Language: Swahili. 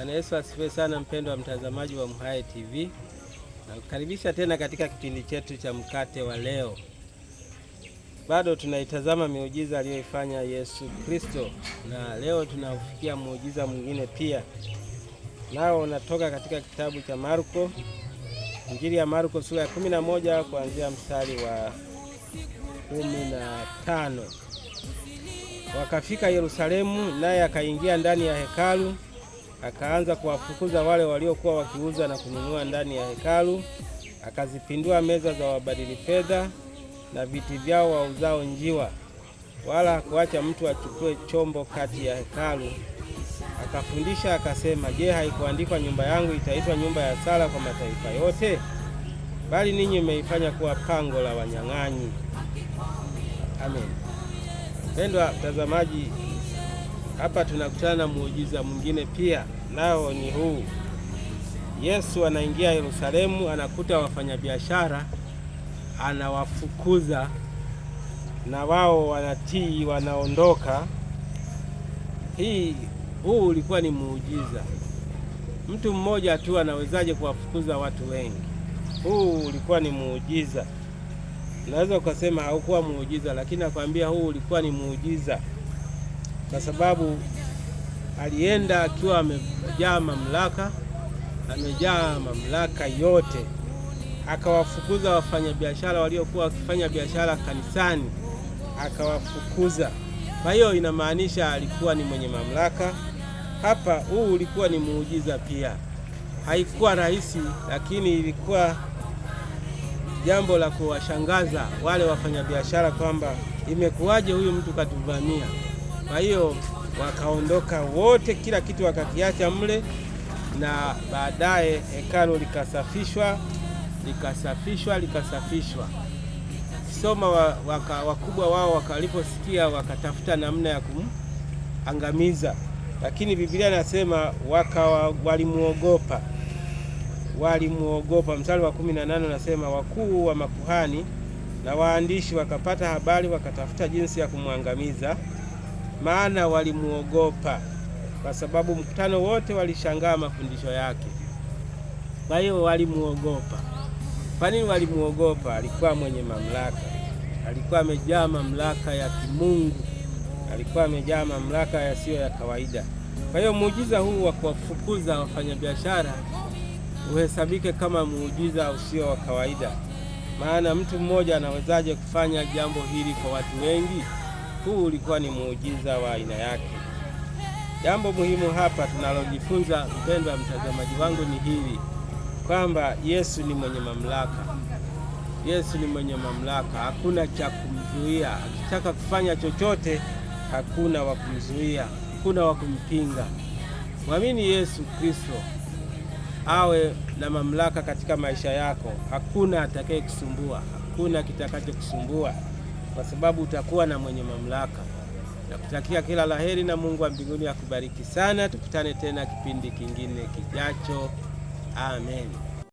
Bwana Yesu asifiwe sana, mpendo wa mtazamaji wa MHAE TV, nakukaribisha tena katika kipindi chetu cha mkate wa leo. Bado tunaitazama miujiza aliyoifanya Yesu Kristo, na leo tunafikia muujiza mwingine pia, nao unatoka katika kitabu cha Marko, Injili ya Marko sura ya 11 kuanzia mstari wa 15. Wakafika Yerusalemu, naye akaingia ndani ya hekalu akaanza kuwafukuza wale waliokuwa wakiuza na kununua ndani ya hekalu, akazipindua meza za wabadili fedha na viti vyao wauzao njiwa, wala hakuacha mtu achukue chombo kati ya hekalu. Akafundisha akasema, Je, haikuandikwa nyumba yangu itaitwa nyumba ya sala kwa mataifa yote? Bali ninyi mmeifanya kuwa pango la wanyang'anyi. Amen. Pendwa mtazamaji, hapa tunakutana na muujiza mwingine pia nao ni huu. Yesu anaingia Yerusalemu, anakuta wafanyabiashara, anawafukuza na wao wanatii, wanaondoka. Hii huu ulikuwa ni muujiza. Mtu mmoja tu anawezaje kuwafukuza watu wengi? Huu ulikuwa ni muujiza. Unaweza ukasema haukuwa muujiza, lakini nakwambia huu ulikuwa ni muujiza kwa sababu alienda akiwa amejaa mamlaka, amejaa mamlaka yote, akawafukuza wafanyabiashara waliokuwa wakifanya biashara kanisani, akawafukuza. Kwa hiyo inamaanisha alikuwa ni mwenye mamlaka. Hapa huu ulikuwa ni muujiza pia, haikuwa rahisi, lakini ilikuwa jambo la kuwashangaza wale wafanyabiashara kwamba imekuwaje huyu mtu katuvamia. Kwa hiyo wakaondoka wote, kila kitu wakakiacha mle, na baadaye hekalo likasafishwa likasafishwa likasafishwa. Soma waka, wakubwa wao wakaliposikia wakatafuta namna ya kumangamiza, lakini Biblia inasema waka walimuogopa walimuogopa. Mstari wa 18 na unasema wakuu wa makuhani na waandishi wakapata habari, wakatafuta jinsi ya kumwangamiza maana walimuogopa, kwa sababu mkutano wote walishangaa mafundisho yake. Kwa hiyo walimuogopa. Kwa nini walimuogopa? Alikuwa mwenye mamlaka, alikuwa amejaa mamlaka ya kimungu, alikuwa amejaa mamlaka yasiyo ya kawaida. Kwa hiyo muujiza huu wa kuwafukuza wafanyabiashara uhesabike kama muujiza usio wa kawaida, maana mtu mmoja anawezaje kufanya jambo hili kwa watu wengi? huu ulikuwa ni muujiza wa aina yake. Jambo muhimu hapa tunalojifunza, mpendwa mtazamaji wangu, ni hili kwamba Yesu ni mwenye mamlaka. Yesu ni mwenye mamlaka, hakuna cha kumzuia. Akitaka kufanya chochote, hakuna wa kumzuia, hakuna wa kumpinga. Mwamini Yesu Kristo awe na mamlaka katika maisha yako. Hakuna atakaye kusumbua, hakuna kitakacho kusumbua kwa sababu utakuwa na mwenye mamlaka. Nakutakia kila laheri na Mungu wa mbinguni akubariki sana. Tukutane tena kipindi kingine kijacho. Amen.